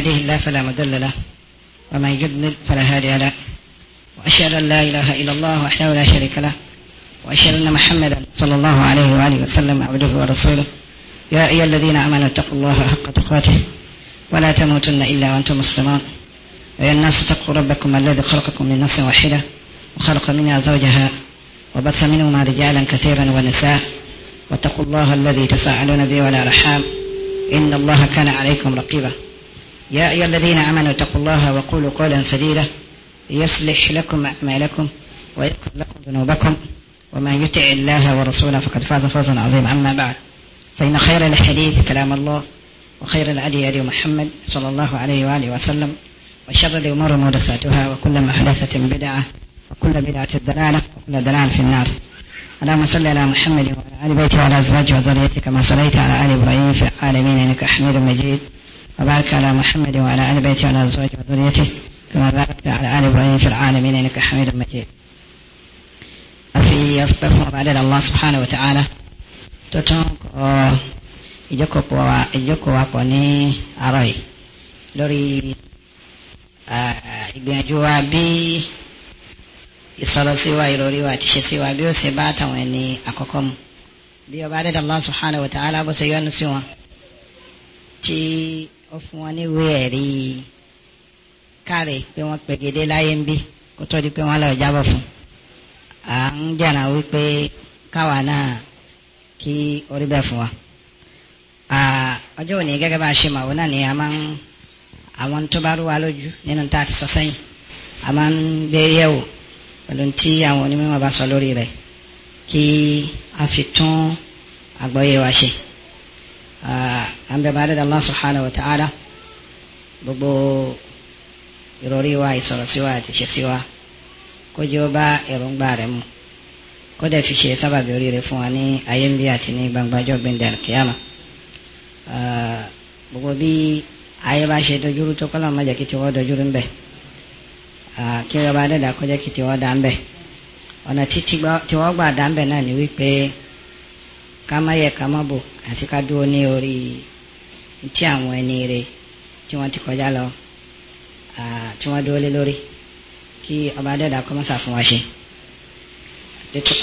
يهديه الله فلا مضل له ومن يضلل فلا هادي له وأشهد أن لا إله إلا الله وحده لا شريك له وأشهد أن محمدا صلى الله عليه وآله وسلم عبده ورسوله يا أيها الذين آمنوا اتقوا الله حق تقاته ولا تموتن إلا وأنتم مسلمون يا الناس اتقوا ربكم الذي خلقكم من نفس واحدة وخلق منها زوجها وبث منهما رجالا كثيرا ونساء واتقوا الله الذي تساءلون به والأرحام إن الله كان عليكم رقيبا يا أيها الذين آمنوا اتقوا الله وقولوا قولا سديدا يصلح لكم أعمالكم ويغفر لكم ذنوبكم ومن يطع الله ورسوله فقد فاز فوزا عظيما أما بعد فإن خير الحديث كلام الله وخير الهدي هدي محمد صلى الله عليه وآله وسلم وشر الأمور محدثاتها وكل محدثة بدعة وكل بدعة ضلالة وكل ضلال في النار اللهم صل على محمد وعلى آل بيته وعلى أزواجه وذريته كما صليت على آل إبراهيم في العالمين إنك حميد مجيد وبارك على محمد وعلى آل بيته وعلى أزواجه وذريته كما باركت على آل إبراهيم في العالمين إنك حميد مجيد في أفضل بعد الله سبحانه وتعالى تتنك ìjókòó wa pọ̀ ní àárọ̀ yìí lórí ìgbìyànjú wa bí ìsọ̀rọ̀ sí wa ìròrí wa ti ṣe sí wa bí ó ṣe bá àtàwọn ẹni àkọ́kọ́ mu bí ọba adédọ̀lá subhanahu wa ta'ala bó ṣe yọ́nú sí wọn tí wọ́n fún wọn níwèé ẹ̀rí kárẹ̀ pé wọ́n pẹ̀gẹ́dẹ́ láyé ń bí kó tó di pé wọ́n lọ jábọ̀ fún à ń jàrà wípé káwa náà kí orí bẹ́ẹ̀ fún wa ọjọ́ òní gẹ́gẹ́ bá a ṣe mọ̀ wọn náà ni a máa ń àwọn tó bá rú wa lójú nínú tá a ti sọ sẹ́yìn a máa ń gbé yẹ̀wò pẹ̀lú tí àwọn onímọ̀ bá sọ lórí rẹ̀ kí a fi tún àgbọ́yé wa ṣe àǹdàbà ah, àdàdà Allah subhanahu wa ta'ala gbogbo ìrọ̀rí wa ìsọ̀rọ̀ sí wa àti ìṣesí wa kó jẹ́ ó bá èròǹgbà rẹ̀ mu kó dẹ̀ fi ṣe sábàbí oríire fún wa ní ayé ń bí àti ní gbangbajọ́ gbẹ̀ndẹ̀ kíyàmà ah, gbogbo bí ayé bá ṣe dojúrú tó kọ́lá má jẹ́ kí dojúrú ń bẹ̀ ah, kí ọba àdàdà kó jẹ́ kí tiwọ́ ń bẹ̀ ọ̀nà tí tiwọ́ gbà dá ń bẹ̀ náà ni wípé. ká má yẹ ká má bò àfi ká dúró ní orí tí àwọn ẹni rè tí wọ́n ti kọjá lọ tí wọ́n dúró lé lórí kí ọba adẹ́dà kọ́mọ́sà fún wa ṣe.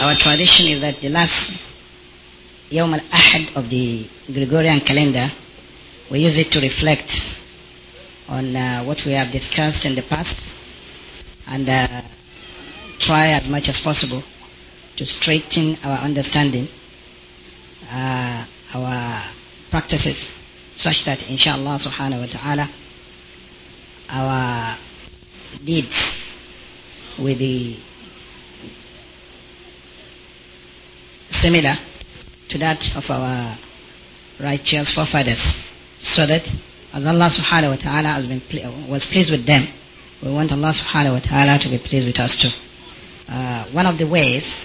Our tradition is that the last Yom ahad of the Gregorian calendar, we use it to reflect on uh, what we have discussed in the past and uh, try as much as possible to straighten our understanding uh, our practices such that inshallah subhanahu wa ta'ala our deeds will be similar to that of our righteous forefathers so that as Allah subhanahu wa ta'ala has been was pleased with them we want Allah subhanahu wa ta'ala to be pleased with us too uh, one of the ways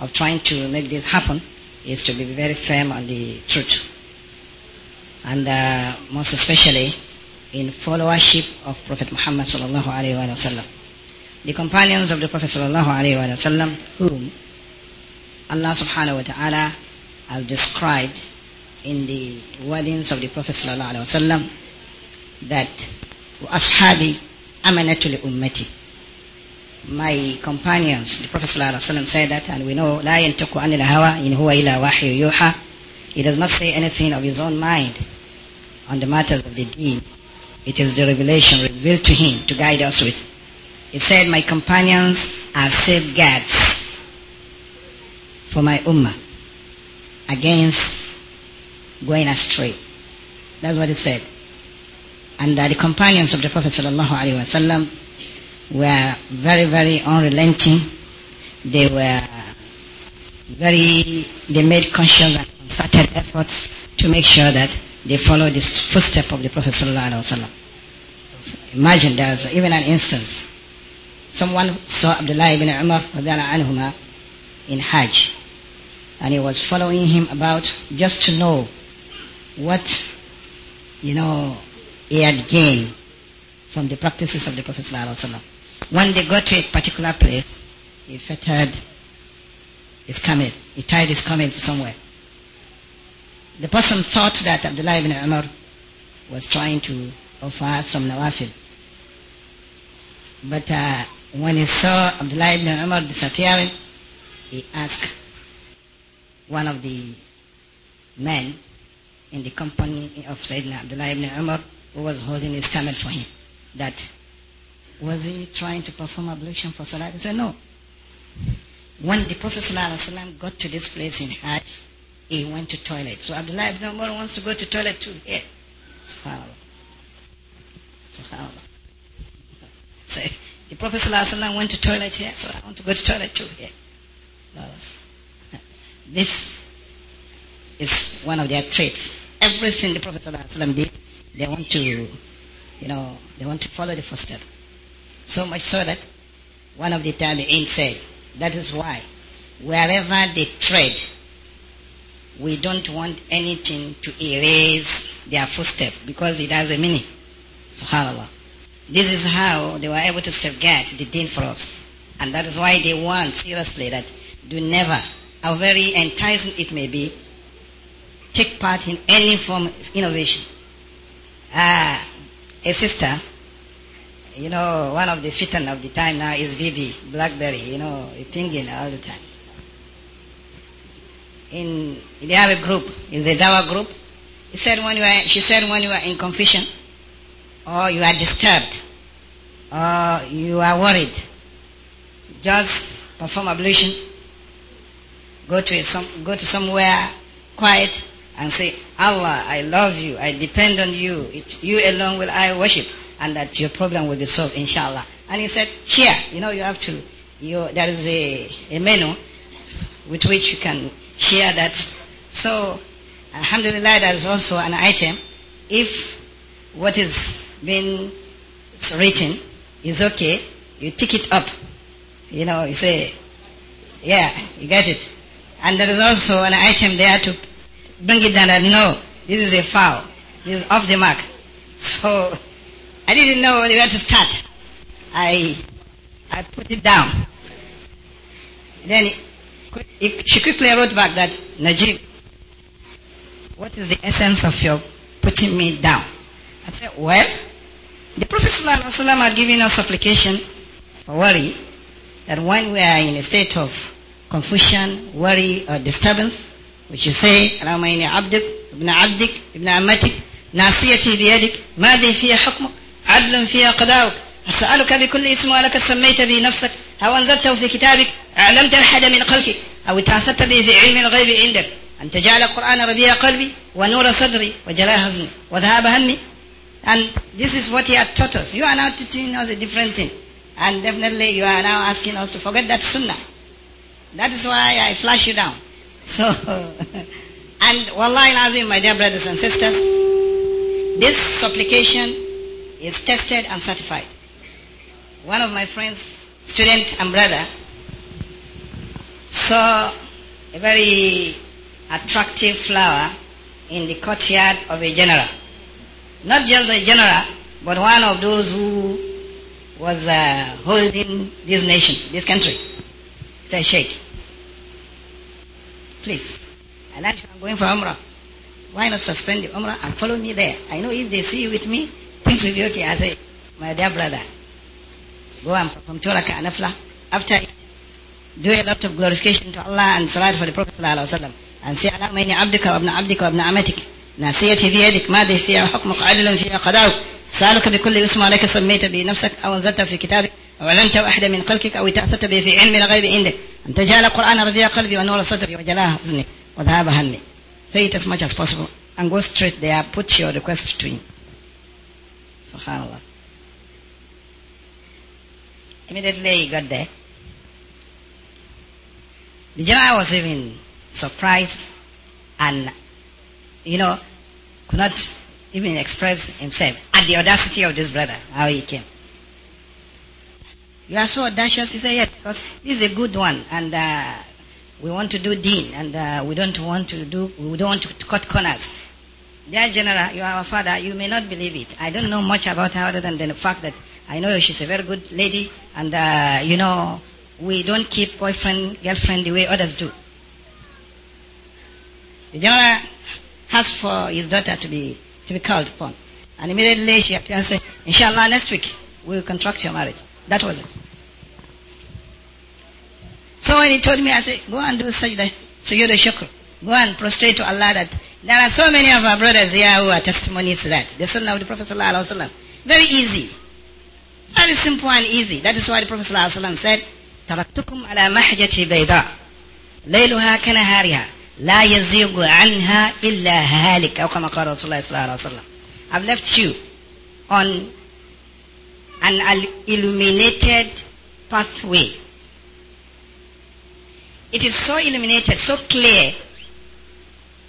of trying to make this happen is to be very firm on the truth. And uh, most especially in followership of Prophet Muhammad sallallahu alaihi wasallam. The companions of the Prophet sallallahu alaihi wasallam, whom Allah subhanahu wa ta'ala has described in the wordings of the Prophet sallallahu alaihi wasallam that ashabi amanatul ummati my companions, the Prophet said that, and we know, لا ينتق عن الهوى إن هو إلا وحي يوحى. He does not say anything of his own mind on the matters of the deen. It is the revelation revealed to him to guide us with. He said, my companions are safeguards for my ummah against going astray. That's what he said. And uh, the companions of the Prophet sallallahu alaihi wasallam were very, very unrelenting. They were very, they made conscious and concerted efforts to make sure that they followed the footstep of the Prophet Sallallahu Alaihi Wasallam. Imagine there's even an instance. Someone saw Abdullah ibn Umar anhuma in Hajj and he was following him about just to know what, you know, he had gained from the practices of the Prophet Sallallahu Alaihi Wasallam. When they got to a particular place, he fettered his camel. He tied his camel to somewhere. The person thought that Abdullah ibn Umar was trying to offer some nawafil. But uh, when he saw Abdullah ibn Umar disappearing, he asked one of the men in the company of Sayyidina Abdullah ibn Umar who was holding his camel for him that was he trying to perform ablution for Salah? He said, no. When the Prophet ﷺ got to this place in Hajj, he went to toilet. So Abdullah ibn Umar wants to go to toilet too. Here. SubhanAllah. SubhanAllah. So the Prophet ﷺ went to toilet here, so I want to go to toilet too here. This is one of their traits. Everything the Prophet ﷺ did, they want to, you know, they want to follow the footsteps. So much so that one of the tabi'in said, that is why wherever they tread, we don't want anything to erase their footstep because it has a meaning. SubhanAllah. This is how they were able to safeguard the deen for us. And that is why they want seriously that do never, how very enticing it may be, take part in any form of innovation. Ah, a sister you know, one of the fitten of the time now is BB, Blackberry, you know, pinging all the time. In, they have a group, in the Dawa group. He said when you are, she said when you are in confusion, or you are disturbed, or you are worried, just perform ablution, go to, a, some, go to somewhere quiet and say, Allah, I love you, I depend on you, it, you alone will I worship and that your problem will be solved, inshallah. And he said, here, you know, you have to, you, there is a, a menu with which you can share that. So, alhamdulillah, there is also an item. If what is being written is okay, you tick it up. You know, you say, yeah, you get it. And there is also an item there to bring it down that no, this is a foul. This is off the mark. So I didn't know where to start. I, I put it down. Then it, it, she quickly wrote back that, Najib, what is the essence of your putting me down? I said, well, the Prophet ﷺ had given us supplication for worry that when we are in a state of confusion, worry, or disturbance, we should say, Allahumma abdik, ibn abdik, ibn amatik, nasiyati biyadik, madhi fiya hukmuk, عدل في قضاؤك أسألك بكل اسم ولك سميت به نفسك أو أنزلته في كتابك أعلمت أحد من خلقك أو تأثرت به في علم الغيب عندك أن تجعل القرآن ربيع قلبي ونور صدري وجلاء حزني وذهاب همي and this is what he had taught us you are now teaching us a different thing and definitely you are now asking us to forget that sunnah that is why I flash you down so and wallahi lazim my dear brothers and sisters this supplication is tested and certified. One of my friends, student and brother, saw a very attractive flower in the courtyard of a general. Not just a general, but one of those who was uh, holding this nation, this country. Say, Sheikh, please, I learned I'm going for Umrah. Why not suspend the Umrah and follow me there? I know if they see you with me, things will be okay. I say, my dear brother, go and perform Torah and Afla. After it, do a lot of glorification to Allah and salat for the Prophet ﷺ. And say, Allahumma inni abdika wa abna abdika wa abna amatik. ناصيتي بيدك ماضي فيها حكمك عدل فيها قضاؤك سألك بكل اسم عليك سميت به نفسك أو أنزلته في كتابك أو علمت أحدا من خلقك أو تأثرت به في علم الغيب عندك أن تجعل القرآن ربيع قلبي ونور صدري وجلاء حزني وذهاب همي say it as much as possible and go straight there put your request to him Subhanallah. Immediately he got there. Eh? The general was even surprised and, you know, could not even express himself at the audacity of this brother, how he came. You are so audacious. He said, yes, because this is a good one, and uh, we want to do deen, and uh, we don't want to do, we don't want to cut corners. Dear General, you are our father. You may not believe it. I don't know much about her other than the fact that I know she's a very good lady, and uh, you know, we don't keep boyfriend, girlfriend the way others do. The General asked for his daughter to be, to be called upon. And immediately she appeared and said, Inshallah, next week we'll contract your marriage. That was it. So when he told me, I said, go and do sajda, sujood shukr. Go and prostrate to Allah that there are so many of our brothers here who are testimonies to that. The Sunnah of the Prophet Wasallam. Very easy. Very simple and easy. That is why the Prophet ﷺ said, تركتكم على محجة بيضاء ليلها كنهارها لا يزيغ عنها إلا هالك أو كما قال رسول الله صلى الله I've left you on an illuminated pathway. It is so illuminated, so clear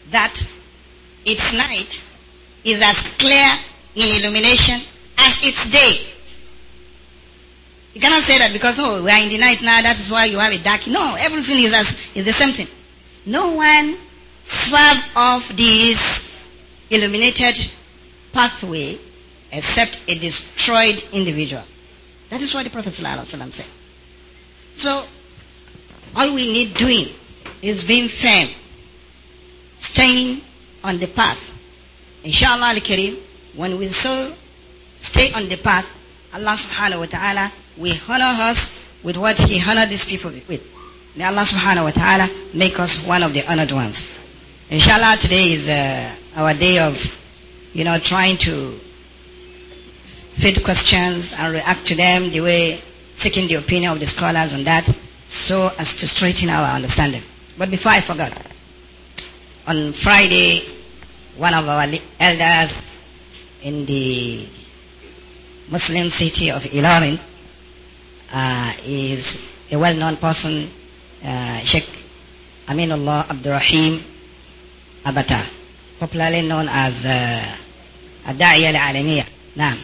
that its night is as clear in illumination as its day. You cannot say that because, oh, we are in the night now, that is why you have a dark. No, everything is, as, is the same thing. No one swerve off this illuminated pathway except a destroyed individual. That is what the Prophet said. So, all we need doing is being firm, staying on the path. Inshallah al-Kareem, when we so stay on the path, Allah subhanahu wa ta'ala will honor us with what He honored these people with. May Allah subhanahu wa ta'ala make us one of the honored ones. Inshallah today is uh, our day of, you know, trying to fit questions and react to them the way, seeking the opinion of the scholars on that so as to straighten our understanding. But before I forgot, on Friday one of our elders in the Muslim city of Ilorin uh, is a well-known person, uh, Sheikh Aminullah Abdurrahim Abata, popularly known as uh, Adaiya al-Alamiya. Naam.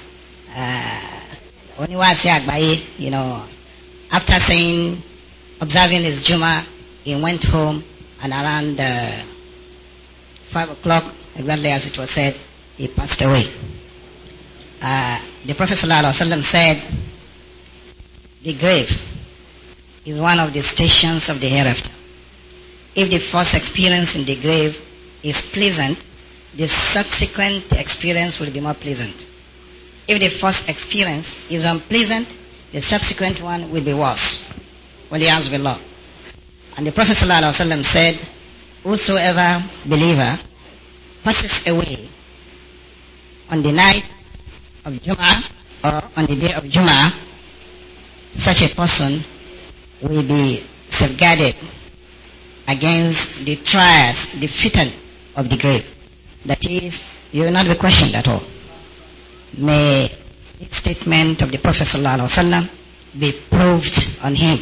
Oniwasi uh, Agbaye, you know, after saying, observing his Juma, he went home and around uh, 5 o'clock exactly as it was said, he passed away. Uh, the Prophet ﷺ said, the grave is one of the stations of the hereafter. If the first experience in the grave is pleasant, the subsequent experience will be more pleasant. If the first experience is unpleasant, the subsequent one will be worse. Well, he asked below. And the Prophet ﷺ said, Whosoever believer passes away on the night of Jum'ah or on the day of Jum'ah, such a person will be safeguarded against the trials, the fitten of the grave. That is, you will not be questioned at all. May this statement of the Prophet be proved on him.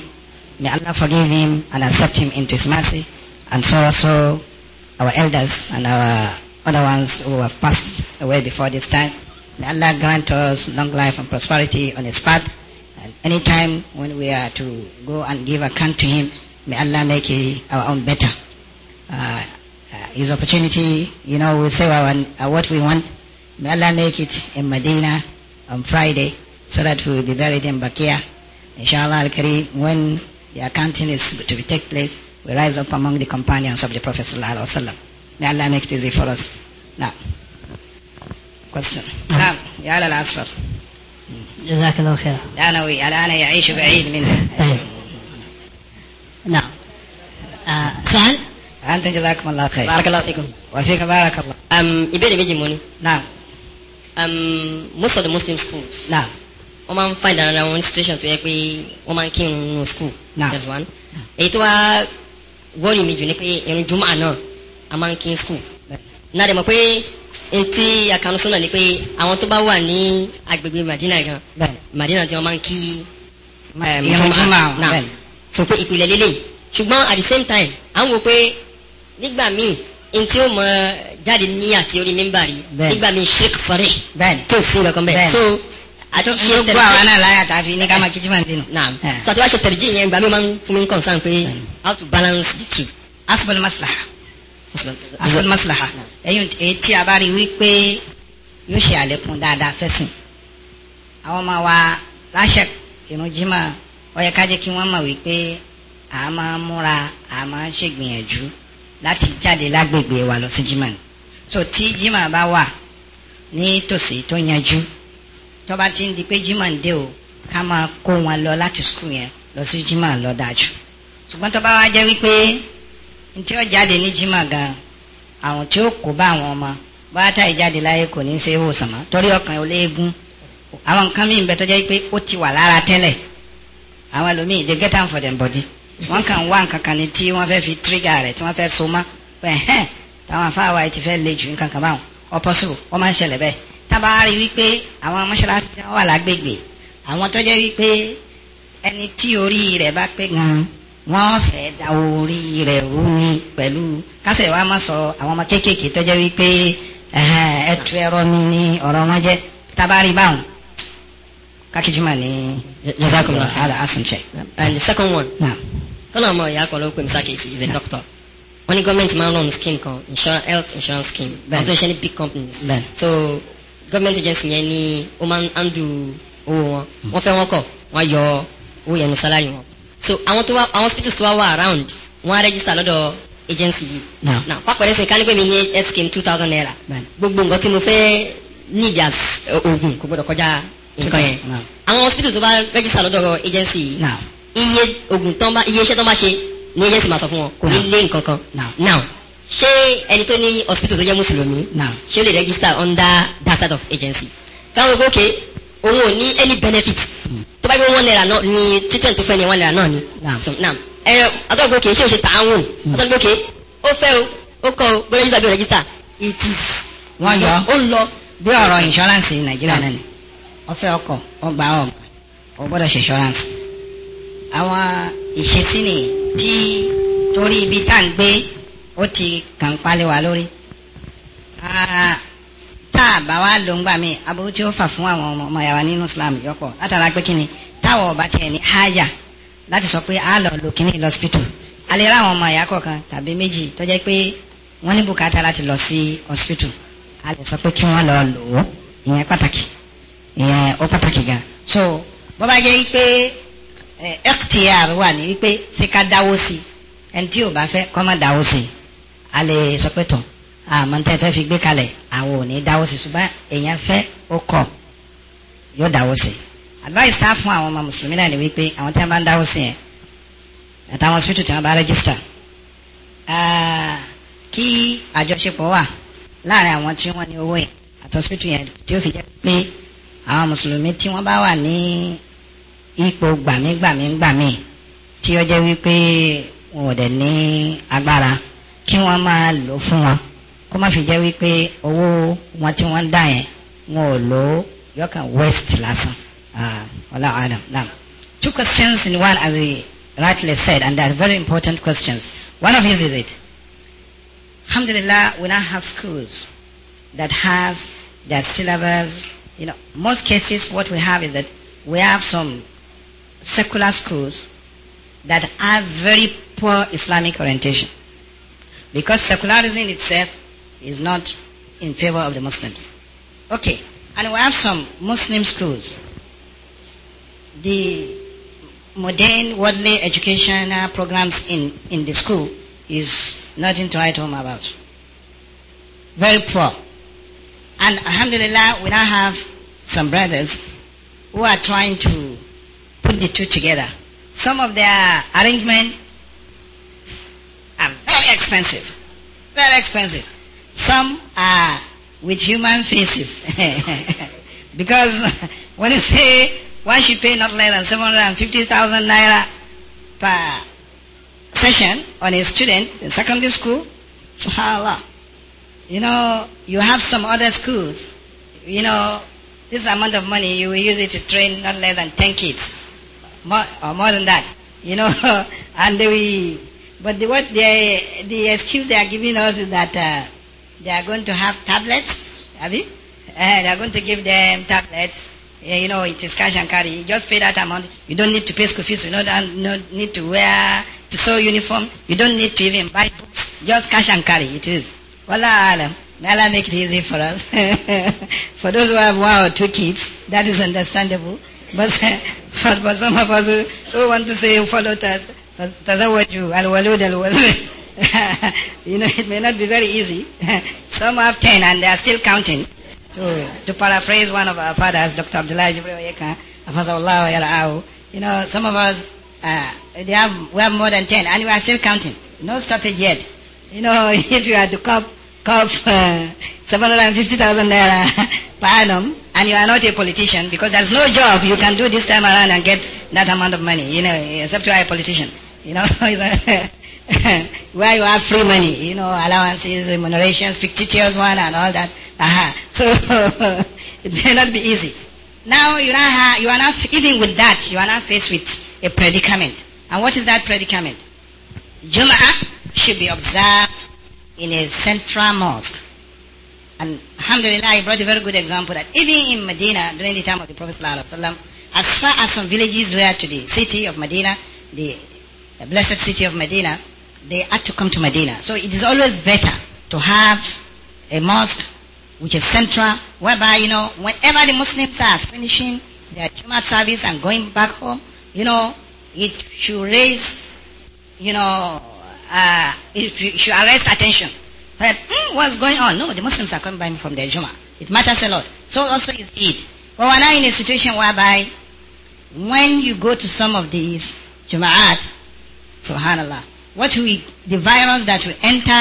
May Allah forgive him and accept him into his mercy. And so also our elders and our other ones who have passed away before this time. May Allah grant us long life and prosperity on His path. And any time when we are to go and give account to Him, may Allah make it our own better. Uh, uh, his opportunity, you know, we say our, uh, what we want. May Allah make it in Medina on Friday so that we will be buried in Bakia. Inshallah al-Kareem, when the accounting is to take place, we rise up among the companions of the Prophet Sallallahu Alaihi Wasallam. لعلها نكتزي فرص نعم قصر نعم يا العصفر جزاك الله خيرا ثانوي أنا يعيش بعيد منه نعم آه سؤال أنت جزاكم الله خير بارك الله فيكم وفيك بارك الله أم إبري بيجي موني نعم أم most of the Muslim schools نعم wọ́n máa ń find another تو situation tó كين pé نعم máa ń kírun nínú school. Nah. just one. a máa ń kí skul náà dẹ̀ mọ̀ pé ntí àkànṣe náà ni pé àwọn tó bá wà ní agbègbè Madina gan Madina tí wọ́n máa ń kí eh, so sọ pé ìpìlẹ̀ lélẹ̀ ṣùgbọ́n at the same time à ń wo pé nígbà míì ntí ó mọ jáde ní àti orí mímbàrí nígbà míì sheik fọrẹ tó sí nǹkan kan bẹ́ẹ̀ so àti ṣe tẹ̀lé gbogbo àwọn náà láyà tàbí ní ká máa kí jimá bínú. naam eh. so àti wá ṣe tẹ̀lé jí yẹn gbà mí máa ń fún mi ń concern pé how to balance the two. asibali maslaha asal maslaha ẹ̀yìn tí a bá rí wípé yóò ṣe àlékún dáadáa fẹ́sìn àwọn ọmọ wa láṣẹ ìrun jímọ̀ ó yẹ ká jẹ́ kí wọ́n mọ̀ wípé a máa múra a máa ń ṣègbìyànjú láti jáde lágbègbè wa lọ sí jímọ̀ ni so tí jímọ̀ bá wà ní tòsí tó yanjú tó bá ti ń di pé jímọ̀ ń dé o ká máa kó wọn lọ láti skul yẹn lọ sí jímọ̀ lọ dájú ṣùgbọ́n tó bá jẹ́ wípé ntí ó jáde ní jimá gan àwọn tí ó kó bá àwọn ọmọ bàtà ìjáde láyé kò ní í ṣe ìwòsàn mọ́ torí ọkàn olóògùn àwọn nǹkan mí bẹ tó jẹ́ pé ó ti wà lára tẹ́lẹ̀ àwọn ẹlòmíì they get am for them body wọ́n kàn wá nǹkan kan ní tí wọ́n fẹ́ fi trigger rẹ̀ tí wọ́n fẹ́ so mọ́ pé ẹ̀hẹ́n táwọn afáwa ti fẹ́ le jù nǹkan kan báwọn ọ̀pọ̀sù wọ́n máa ń ṣẹlẹ̀ bẹ́ẹ̀ tábà rí wípé àwọn mọ́ṣáláṣí wà lágbègbè àwọn tó jẹ́ wípé ẹni tí orí rẹ̀ bá pé gan-an wọ́n fẹ́ da orí rẹ̀ rú ni pẹ̀lú kásẹ̀ wa máa sọ àwọn ọmọ kéékèèké tọ́jọ́ wípé ẹtù ẹ̀rọ mi ni ọ̀rọ̀ wọn jẹ́ tabari báwọn kákìjì mà ní. ala asinche. Uh, and the second one. na. kọ́nà ọmọ ìyá kan ló pè mí sákèsì is a doctor. wọ́n ní gọ́ọ̀mẹ̀ntì máa ń run scheme kan insurance health insurance scheme. bẹ́ẹ̀ àti oṣù ní big companies. bẹ́ẹ̀ so government agency yẹn ni ó máa ń handle owó wọn. Hmm. wọ́n fẹ́ wọn kọ̀ wọ́n yọ owó yẹn ní salary wọn so àwọn tó wá àwọn hospitals tó wá wà around wọ́n á register lọ́dọ̀ agency yìí. na pàpẹ́rẹ́ sẹ́ kánipẹ́ mi ní health scheme two thousand naira gbogbo nǹkan tí mo fẹ́ need as eh, oògùn kò gbọdọ̀ kọjá nǹkan yẹn àwọn hospitals tó bá register lọ́dọ̀ agency yìí iye oògùn tán bá iye iṣẹ́ tán bá ṣe ní agency máa sọ fún wọn kò ní lé nǹkan kan now ṣé ẹni tó ní hospital tó jẹ́ mùsùlùmí ṣé ó lè register under that side of agency káwọn gbókè òun ò ní any benefit tó bá yẹ one naira náà ni treatment tó fẹ́ ni one naira náà ni. ẹ ọgọ́gbọ́n kì í ṣe òṣè tààwọn ọgọ́gbọ́n kì í ó fẹ́ o ó kọ́ o bóyá register bí register it is. wọ́n yọ ó lọ. bí ọ̀rọ̀ insurance nàìjíríà náà ni ọ̀fẹ́ ọkọ̀ ọgbà ọgbà ọgbọ́dọ̀ ṣe insurance. àwọn ìṣesí nìyẹn tí torí ibi tá à ń gbé ó ti kàn pálí wa lórí. Ah, tá a bá wa lò ń gbà mí aburú tí ó fà fún àwọn ọmọ ọmọ yàrá nínú Islam yọpọ látara pé kíni táwọn ọba tẹ ní háyà láti sọ pé a lọ lò kíní lọsibítù a lè ra àwọn ọmọ ìyá kọ̀ọ̀kan tàbí méjì tó jẹ́ pé wọ́n ní bùkátà láti lọ sí hospital a lè sọ pé kí wọ́n lọ lò ó ìyẹn pàtàkì ìyẹn ó pàtàkì gan so bó bá jẹ́ pé ftr wà ní wípé ṣé ká dáwó sí ẹni tí ò bá fẹ́ kọ́ má dáwó sí a sọ pé tọ̀ àmọ́ tẹ́ fẹ́ fi gbé kalẹ̀ àwọn ò ní dáwọ́ sí ṣùgbọ́n èèyàn fẹ́ ó kọ̀ yóò dáwọ́ sí advice tá a fún àwọn ọmọ mùsùlùmí náà ni wípé àwọn tí wọ́n bá ń dáwọ́ sí yẹn àtàwọn hospital tí wọ́n bá register kí àjọṣepọ̀ wà láàrin àwọn tí wọ́n ní owó yẹn àti hospital yẹn tí ó fi jẹ́ pé àwọn mùsùlùmí tí wọ́n bá wà ní ipò gbàmígbàmígbàmí tí ó jẹ́ wípé wọn ò dẹ̀ ní agbára kí wọ́n máa lò fún wọn. kó má fi jẹ́ wípé owó wọn tí wọ́n dá yẹn wọn ò lò ó yọkàn west lásán ọlá adam now two questions in one as he rightly said and they are very important questions one of these is it alhamdulillah we now have schools that has their syllabus you know most cases what we have is that we have some secular schools that has very poor Islamic orientation because secularism itself is not in favor of the Muslims. Okay, and we have some Muslim schools. The modern worldly educational programs in, in the school is nothing to write home about. Very poor. And alhamdulillah, we now have some brothers who are trying to put the two together. Some of their arrangements are very expensive. Very expensive. Some are with human faces. because when you say, one should pay not less than 750,000 naira per session on a student in secondary school, subhanAllah. You know, you have some other schools, you know, this amount of money, you will use it to train not less than 10 kids, more, or more than that, you know, and we but the, what the the excuse they are giving us is that uh, they are going to have tablets, Abi. Uh, eh, they are going to give them tablets. Uh, you know, it is cash and carry. You just pay that amount. You don't need to pay school fees. You don't, need to wear, to sew uniform. You don't need to even buy books. Just cash and carry. It is. Wallah alam. Allah make it easy for us. for those who have one or two kids, that is understandable. But for, some of us who, want to say, follow that, walud al الولود you know, it may not be very easy. Some have ten and they are still counting. to paraphrase one of our fathers, Dr. Abdullah Jibril Yeka, you know, some of us, uh, they have, we have more than ten and we are still counting. No stoppage yet. You know, if you are to cop, cop uh, 750,000 naira per annum, and you are not a politician because there's no job you can do this time around and get that amount of money, you know, except you are a politician. You know, where you have free money, you know, allowances, remunerations, fictitious one and all that. Aha. So it may not be easy. Now you are, you are not, even with that, you are not faced with a predicament. And what is that predicament? Jum'ah should be observed in a central mosque. And alhamdulillah, I brought a very good example that even in Medina, during the time of the Prophet ﷺ, as far as some villages were to the city of Medina, the blessed city of Medina, they had to come to Medina. So it is always better to have a mosque which is central, whereby, you know, whenever the Muslims are finishing their Jumat service and going back home, you know, it should raise, you know, uh, it should arrest attention. mm, what's going on? No, the Muslims are coming by from their Juma. It matters a lot. So also is Eid. But we're now in a situation whereby when you go to some of these Jumaat, subhanallah, what will, the virus that will enter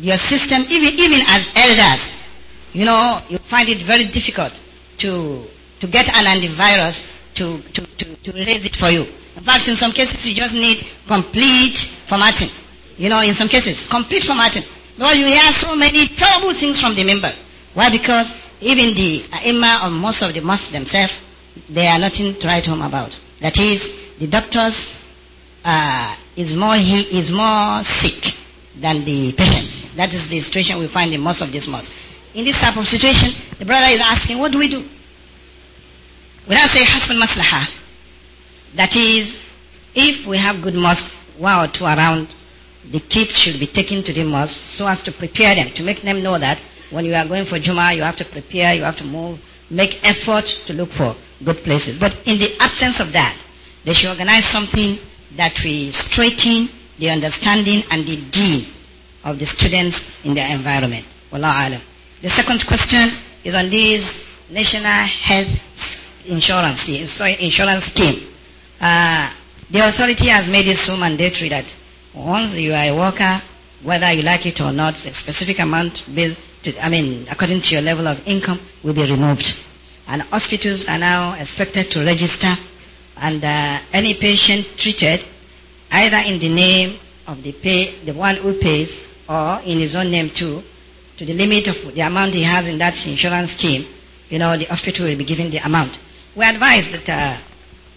your system, even, even as elders, you know, you find it very difficult to, to get an antivirus to, to, to, to raise it for you. In fact, in some cases, you just need complete formatting. You know, in some cases, complete formatting. Because you hear so many terrible things from the member. Why? Because even the imam or most of the mosques themselves, they are nothing to write home about. That is, the doctors uh, is more he is more sick than the patients. That is the situation we find in most of these mosques. In this type of situation, the brother is asking, what do we do? We now say hasbun maslaha. That is, if we have good mosque, one or two around, the kids should be taken to the mosque so as to prepare them, to make them know that when you are going for Juma, you have to prepare, you have to move, make effort to look for good places. But in the absence of that, they should organize something that we straighten the understanding and the deen of the students in their environment. alam. The second question is on this national health insurance, insurance scheme. Uh, the authority has made it so mandatory that once you are a worker, whether you like it or not, a specific amount bill, to, I mean, according to your level of income, will be removed. And hospitals are now expected to register and uh, any patient treated either in the name of the pay, the one who pays or in his own name too to the limit of the amount he has in that insurance scheme you know the hospital will be giving the amount we advise that uh,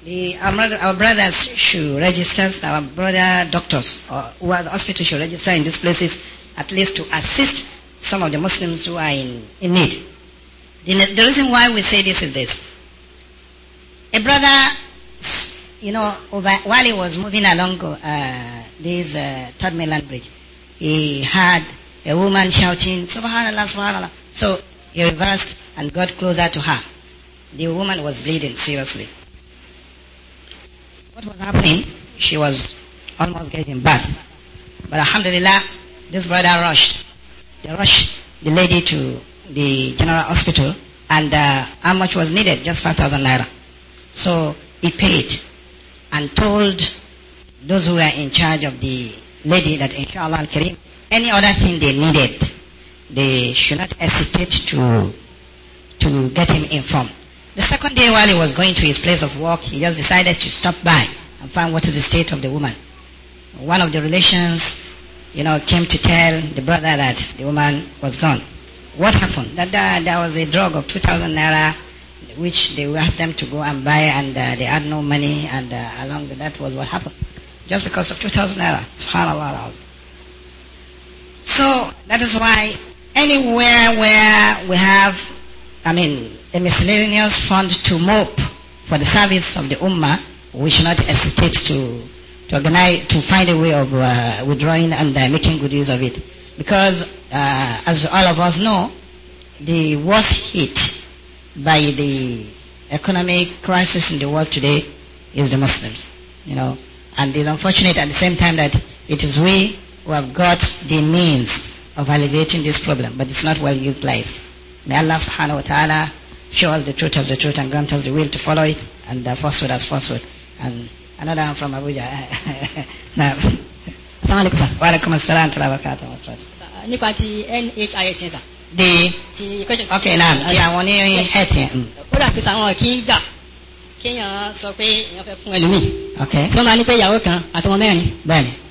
the, our, brothers should register our brother doctors or who are the hospital should register in these places at least to assist some of the Muslims who are in, in need. The, the reason why we say this is this. A brother you know, over, while he was moving along uh, this uh, Third Mainland Bridge, he heard a woman shouting, Subhanallah, Subhanallah. So he reversed and got closer to her. The woman was bleeding seriously. What was happening? She was almost getting birth. But Alhamdulillah, this brother rushed. They rushed the lady to the general hospital and uh, how much was needed? Just 5,000 naira. So he paid and told those who were in charge of the lady that inshallah al any other thing they needed, they should not hesitate to, to get him informed. The second day while he was going to his place of work, he just decided to stop by and find what is the state of the woman. One of the relations, you know, came to tell the brother that the woman was gone. What happened? That there, there was a drug of 2,000 naira which they asked them to go and buy and uh, they had no money and uh, along with that was what happened. Just because of 2,000 naira. SubhanAllah. So that is why anywhere where we have, I mean, a miscellaneous fund to mope for the service of the Ummah, we should not hesitate to, to organize, to find a way of uh, withdrawing and uh, making good use of it. Because uh, as all of us know, the worst hit by the economic crisis in the world today is the Muslims, you know. And it's unfortunate at the same time that it is we who have got the means of alleviating this problem, but it's not well utilized. May Allah subhanahu wa ta'ala show us the truth as the truth and grant us the will to follow it and the uh, falsehood as falsehood. And another one from Abuja. now, Assalamu alaikum. Wa alaikum assalam wa rahmatullahi wa barakatuh. Uh, NHIS The ti question. ok naam ti àwọn ní health yẹn. ó dà pé sàwọn kì í gbà kéèyàn sọ pé èèyàn fẹ́ fún ẹlòmíì. ok sọ ma ní pé ìyàwó kan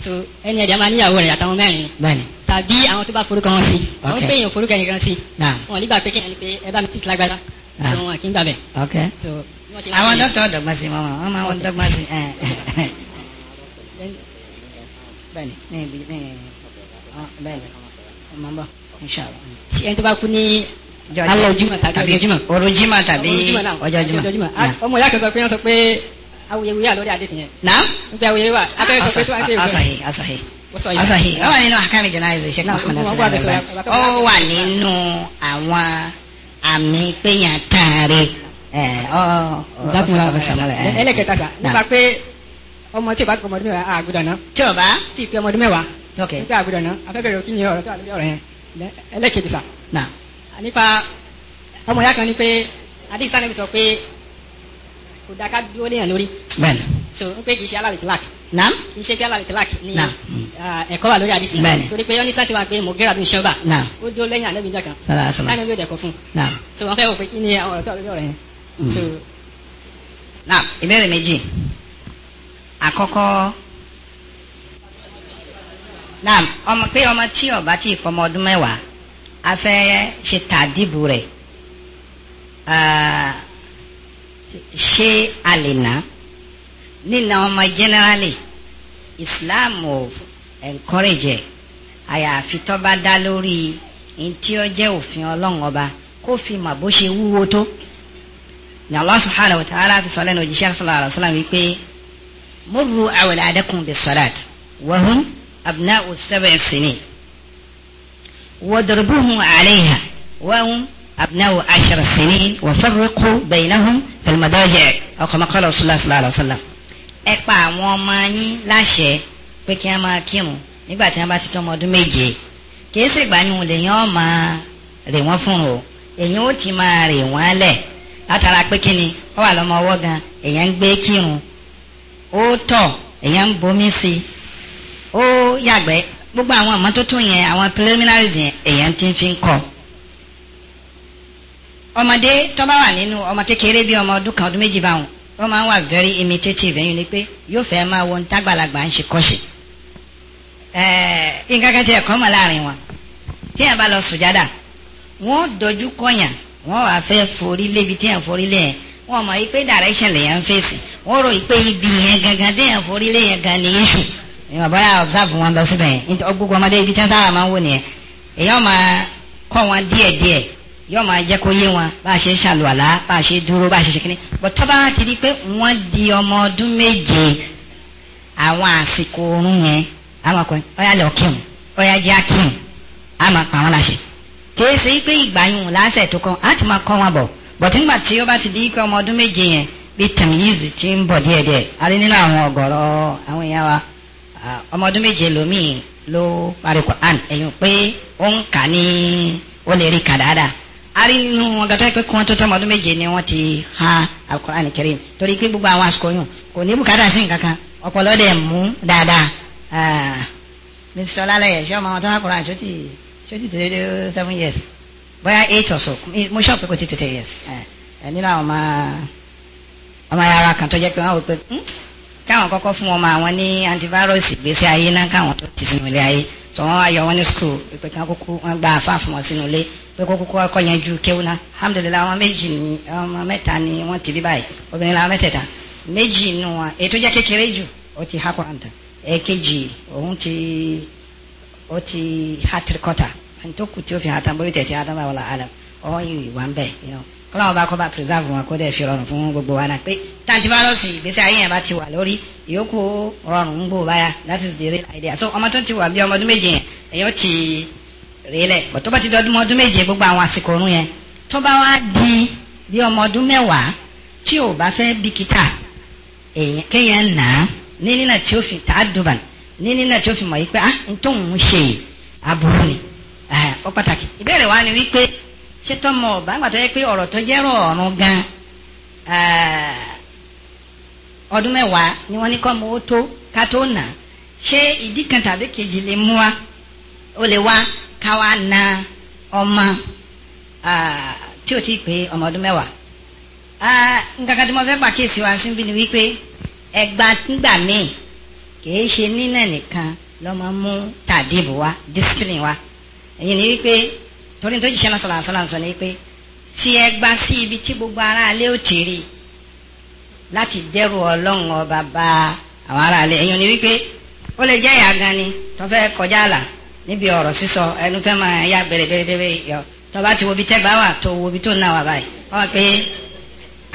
so ẹni ẹ̀dá máa níyàwó rẹ̀ àtọmọ mẹ́rin. bẹ́ẹ̀ni. tàbí àwọn tó bá so wọn kì í gbà bẹ́ẹ̀. ok so. àwọn dọ́tọ̀ dọ́gba sí wọn wọn máa wọn dọ́gba sí. Eh. tí ẹni tó bá kú ní alẹ́ juma tàbí ọjọ́ juma. òru juma tàbí ọjọ́ juma. Ah, ọmọ ìyá kan sọ pé wọ́n sọ pé awuyewuye àlọ́rí adé fìyẹn. na. nígbà awuyewuye wa akẹ́rẹ́ sọ pé tó wá sí ìwé. asahi asahi asahi ó wà nínú akami jẹnáyẹsì sheikh muhammed asalaamu alaykum ó wà nínú àwọn àmì péyàn tààrí ẹlẹ́kẹ̀ta sa nípa pé ọmọ tí o bá ti pọ̀ ọmọdún mẹ́wàá àgùdàn náà. tí o bá. tí ìpè ọmọdún mẹ́wàá. ok nípa àgùdàn náà afẹ́bẹ̀rẹ̀ òkú ni ọ̀rọ̀ tó wà lórí ọ̀rọ̀ yẹn ẹlẹ́kejì sà nà nípa ọmọ ìyá kan ní pé adéṣe tánàbí sọ pé kò dáká dúró léèyàn lórí. bẹ́ẹ̀ni. so n pé kì í ṣe alábi tilak. naam. kì í ṣe pé alábi tilak ni ẹ̀kọ́ wà lórí adéṣe. bẹ́ẹ̀ni. torí pé ọ́nísà sì wá pé mo gẹ́ra bí n ṣọ́ bá. naam. ó dúró lẹ́yìn àlẹ́ mi jọ kan. sọlá sọlá tánàbí ò dẹ̀kọ̀ fún. naam. so wọ́n fẹ́ wò pé kí ni àwọn ọ̀rọ̀ tó lórí ọ̀rọ̀ yẹn. Mm. so. naam ìbéèrè méjì àkọ́kọ́ naam ọmọ pé ọmọ tí ọba tí ìpọmọ ọdún mẹ́wàá a fẹ́ ṣe tàdíbù rẹ̀ ṣé a lè ná nínà ọmọ generally islam ò encourage ẹ̀ àyàfi tó bá dá lórí ntí ó jẹ́ òfin ọlọ́run ọba kó fi mà bó ṣe wúwo tó ní Allah subhanahu wa lẹ́nu òjíṣẹ́ sallallahu alaihi wasallam wípé murru awladakum bis salat wa hum. أبناء السبع سنين واضربوهم عليها وهم أبناء عشر سنين وفرقوا بينهم في المضاجع أو كما قال رسول الله صلى الله عليه وسلم ẹ pa àwọn ọmọ yín láṣẹ pé kí wọ́n máa kírun nígbà tí wọ́n bá ti tọ́ ọmọ ọdún méje kì í sì gbà yín lèyìn ó máa rè wọ́n fún o èyàn ó ti máa rè wọ́n lẹ̀ látara pé kí ni ó wà lọ́mọ ọwọ́ gan èyàn ń gbé kírun ó tọ̀ èyàn ń bomi sí i ó yàgbẹ́ gbogbo àwọn àmọ́tótó yẹn àwọn preliminaries yẹn èèyàn ti fi ń kọ́ ọmọdé tó bá wà nínú ọmọ kékeré bíi ọmọ ọdún kan ọdún méjì báwọn wọ́n máa ń wà very imitative ẹ̀yìn ni pé yóò fẹ́ máa wo ntàgbàlagbà ń ṣe kọ́ṣe ẹ̀ẹ́ nǹkan kan ti ẹ̀kọ́ mọ̀ láàrin wọn tí yẹn bá lọ sùjádà wọ́n dojú kọyàn wọ́n wà fẹ́ forí lébi tí yẹn forí lé yẹn wọ́n mọ̀ yìí pé direction lèyàn ń fèsì wọ́n rò yìí pé ibi yẹn gangan tí yẹn forí lé yẹn gan ni issue ìwọ̀n bọ́yá observe wọn lọ síbẹ̀ yẹn gbogbo ọmọdé ibi tí wọ́n sábà máa ń wò nìyẹn èyàn máa kọ́ wọn díẹ̀ díẹ̀ yóò máa jẹ́ kó yé wọn bá a ṣe ṣàlùwàlá bá a ṣe dúró bá a ṣe ṣe kínní bọ́ tọ́ bá ti di pé wọ́n di ọmọ ọdún méje àwọn àsìkò oorun yẹn àmọ́ kò ọ̀yà lọ kírun ọ̀yà jẹ́ akírun àmọ́ pa wọn láṣẹ kìí ṣe pé ìgbà yìí láṣẹ tó kọ́ á máa kọ́ wọn bọ̀ bọ̀tí nígbà tí ó bá ti di pé ọmọ ọdún méje yẹn bí tẹ̀míyìzì ti ń bọ̀ díẹ̀díẹ̀ a rí nínú àwọn ọ̀gọ̀rọ̀ àwọn èèyàn wa Ah, ọmọ ọdún méje lòmíì ló parí Quran ẹ̀yìn pé ó ń kà ní ó lè rí kà dáadáa ari inú wọn gàtọ́ pé kí wọ́n tó tọ́mọ ọdún méje ni wọ́n ti ha Al-Quran Karim torí pé gbogbo àwọn àsìkò yùn kò ní bùkátà sí nǹkan kan ọpọlọ dẹ̀ mú dáadáa ah, mrs ọlálẹyẹ ṣé ọmọ wọn tó Quran ṣó ti ṣó ti tètè seven years bóyá eight or so mo ṣọ́ pé kò ti tètè years eh, eh, nínú àwọn ọmọ ọmọ yàrá kan tó jẹ́ pé wọ́n wò pé. Hmm, káwọn kọ́kọ́ fún ọmọ àwọn ní antivirus ìgbésí ayé náà káwọn tó ti sínú ilé ayé sọ wọn wá wọn ní school pé kán kúkú wọn gba àfa fún wọn sínú ilé pé kó kúkú ọkọ yẹn ju kéwọn náà alhamdulilayi àwọn méjì ní ọmọ mẹ́ta ni wọ́n ti bí báyìí obìnrin làwọn mẹ́tẹ̀ẹ̀ta méjì nù wọn ètò jẹ́ kékeré jù ó ti hákọ̀ àǹtà èkejì òun ti ó ti hátirikọ́tà ẹni tó kù tí ó wọlé alam ọ̀ yìí ń bẹ̀ yìí náà kọ́láwọ́ bá kọ́ bá preserve wọn kó dẹ̀ fi rọrùn fún gbogbo wa náà pé tantivirus ìgbésí ayé yẹn bá ti wà lórí ìyókù rọrùn ń gbò báyà that is the real idea so ọmọ tó ti wà bí ọmọ ọdún méje yẹn èyàn ti rélẹ̀ but tó bá ti di ọdún ọdún méje gbogbo àwọn àsìkò ọ̀run yẹn tó bá wá di bí ọmọ ọdún mẹ́wàá tí ò bá fẹ́ bìkítà èèyàn kéèyàn nà á ní nínà tí ó fi tà á dùbà ah n tó ń ṣe àbúrò wa ni wípé ṣé tọmọ ọba ńgbà tó yẹ pé ọ̀rọ̀ tó ni wọ́n ní mọ nà ṣé ìdí kan tàbí kejì lè mú wa na ọmọ eh, tí ò tí pé ọmọ ọdún mẹ́wàá eh, nǹkan kan tí mo fẹ́ ni wípé nìkan discipline wa torí nítorí jíṣẹ́ náà sọ̀rọ̀ àṣàlàm sọ ni pé tí ẹ gbá sí ibi tí gbogbo aráalé ò tèrè láti dẹ́rù ọlọ́run ọba bá àwọn aráalé ẹ̀yàn ni wípé ó lè jẹ́ ìyá ni tó fẹ́ kọjá àlà níbi ọ̀rọ̀ sísọ ẹnu fẹ́ máa ya bẹ̀rẹ̀bẹ̀rẹ̀ yọ tó bá ti wo ibi tẹ́ bá wà tó wo ibi tó náà wà báyìí wọ́n pé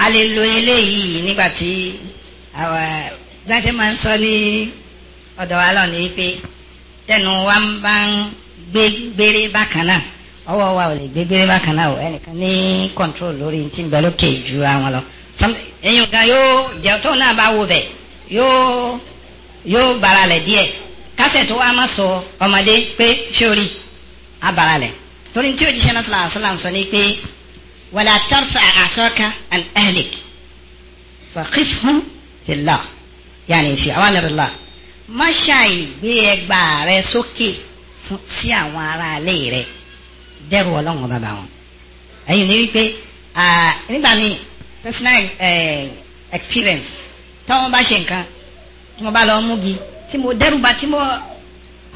a lè lo eléyìí nígbà tí àwọn gbàtẹ́ máa ń sọ ní ọ̀dọ̀ wa lọ́nà yìí pé tẹnu wa ń bá ń gbé gbére bákan náà ọwọ́ wa ò lè gbégbé bákan náà o ẹnìkan ní control lórí ti ń bẹ lókè ju àwọn lọ ẹyin gan yóò jẹun tóun náà bá wo bẹ yóò yóò bara lẹ̀ díẹ̀ kásẹ̀ tó wá má sọ ọmọdé pé sórí á bara lẹ̀ torí tí òjíṣẹ́ náà sọ̀rọ̀ àṣọ làǹsọ̀ ni pé wàlá tarfa asaka an ahlik faqifhum fillah yàní fi àwọn àmìrìlá má ṣàì ẹgbàá rẹ sókè sí àwọn aráalé rẹ dẹ́rù ọlọ́run bàbá wọn ẹ̀yìn ní wípé nígbà míì personal experience táwọn bá ṣe nǹkan tí mo bá lọ múgi tí mo dẹ́rù bá tí mo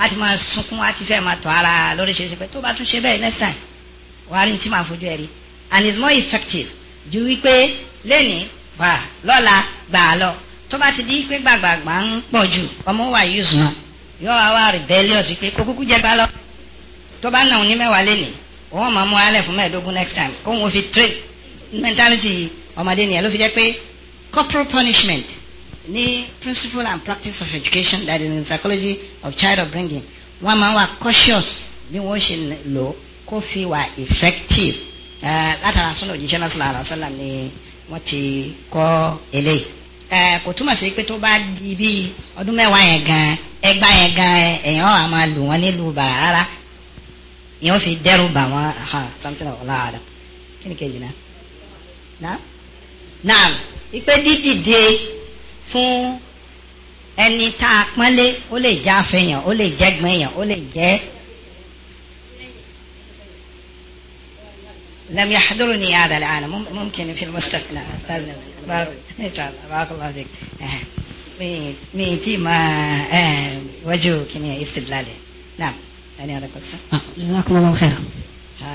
a ti máa sunkún a ti fẹ́ máa tọ́ ara lóríṣiríṣi pé tó bá tún ṣe bẹ́ẹ̀ next time wàá rí ní tí màá fojú ẹ rí and it's more effective ju wípé lẹ́nìí wà lọ́la gbà á lọ tó bá ti di pé gbàgbàgbà ń pọ̀ jù ọmọ wa use sùn yóò wá wá rebellious pé kókókó jẹ gbà lọ tó bá nà òun ní mẹ́wàá lẹ́nìí òun máa mú alẹ́ fún mẹ́ẹ̀ẹ́dógún next time kó òun fi train mentality ọmọdé nìyẹn ló fi jẹ́ pé corporal punishment ní principle and practice of education that is in psychology of child upbringing wọ́n máa wà cautious bí wọ́n ṣe lò kó fi wà effective látara súnà òjíṣẹ́ náà sallallahu alaihi wasallam ni wọ́n ti kọ́ eléyìí kò túmọ̀ sí pé tó bá di bí ọdún mẹ́wàá yẹn gan ẹgbàá yẹn gan èèyàn á máa nílùú bàrà rárá ìyẹn ó fi dẹ́rù bà wọ́n ha something of ọlá àdá kí ni kejì náà náà náà ìpè dídìde fún ẹni tá a pọ́nlé ó lè jẹ́ afẹ́yàn ó lè jẹ́ gbẹ̀yàn ó lè jẹ́ لم يحضرني هذا الآن ممكن في المستقبل أستاذنا بارك إن شاء الله بارك الله فيك ميتي ما وجهك استدلالي نعم يعني هذا قصة جزاكم الله خيرا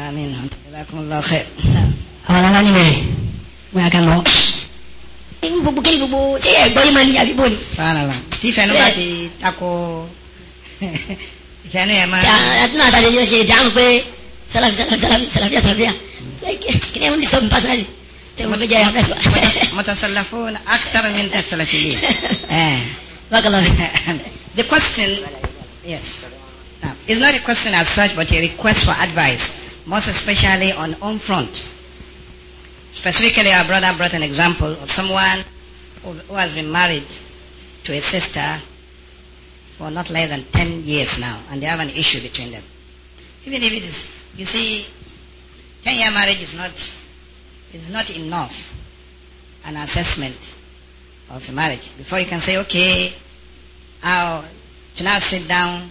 آمين جزاكم الله خير àwọn aláni bẹ̀rẹ̀ bóyá ká lọ. ní gbogbo kí Bubu, gbogbo ṣé ẹ̀gbọ́n yìí máa ń yàrá ibò ni. sàrànlá stephen ló bá ti takò ìfẹ́nu ẹ̀ máa. àti náà àtàlẹ́ yóò ṣe ìdáhùn pé sàlàfíà sàlàfíà sàlàfíà sàlàfíà kí ni ẹ̀ ń disọ́ mi pásítọ̀lì tẹ̀ mo fẹ́ jẹ́ ìyàwó ẹ̀sọ́. mutasalafun akthar min tasalafiyin. bákan náà. the question yes. Now, it's not a question as such, but a request for advice, most especially on home front. Specifically, our brother brought an example of someone who has been married to a sister for not less than 10 years now, and they have an issue between them. Even if it is, you see, 10-year marriage is not, is not enough an assessment of a marriage. Before you can say, okay, I'll to now sit down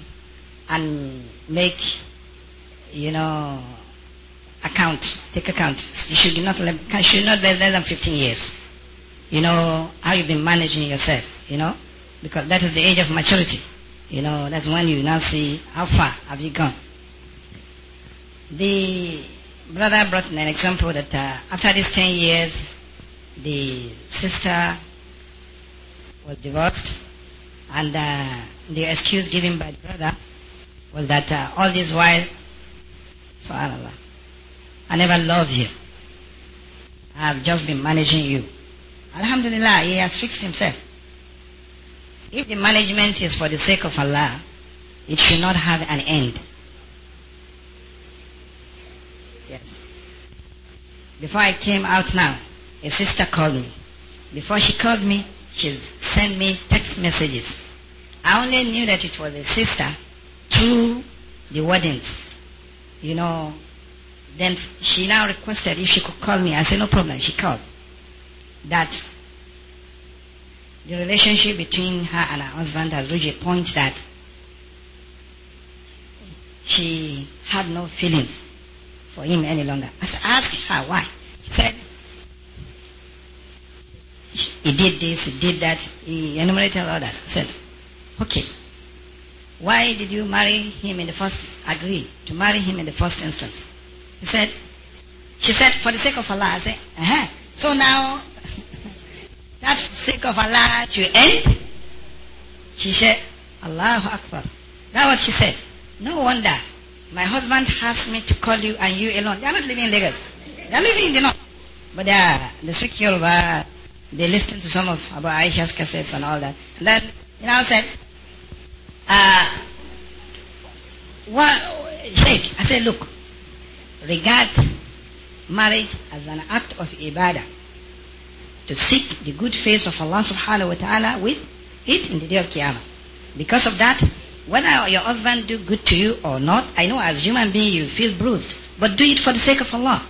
and make, you know, account, take account. You should not, should not be less than 15 years. You know, how you've been managing yourself, you know, because that is the age of maturity. You know, that's when you now see how far have you gone. The brother brought an example that uh, after these 10 years, the sister was divorced and uh, the excuse given by the brother was that uh, all this while, subhanAllah, I never loved you. I have just been managing you. Alhamdulillah, he has fixed himself. If the management is for the sake of Allah, it should not have an end. Yes. Before I came out now, a sister called me. Before she called me, she sent me text messages. I only knew that it was a sister through the weddings, you know. Then she now requested if she could call me. I said, no problem. She called. That the relationship between her and her husband has reached a point that she had no feelings for him any longer. I asked her why. He said, he did this, he did that, he enumerated all that. I said, okay, why did you marry him in the first, agree to marry him in the first instance? He said, she said, for the sake of Allah. I said, uh-huh. So now, that sake of Allah to end? She said, Allahu Akbar. That was she said. No wonder. My husband asked me to call you and you alone. They are not living in Lagos. They are living in the north. But they are, the Sikh Yoruba, they listen to some of about Aisha's cassettes and all that. And then, you know, I said, uh, what, Sheikh, I said, look, regard marriage as an act of ibadah to seek the good face of Allah subhanahu wa ta'ala with it in the day of Qiyamah. Because of that, whether your husband do good to you or not, I know as human being you feel bruised, but do it for the sake of Allah.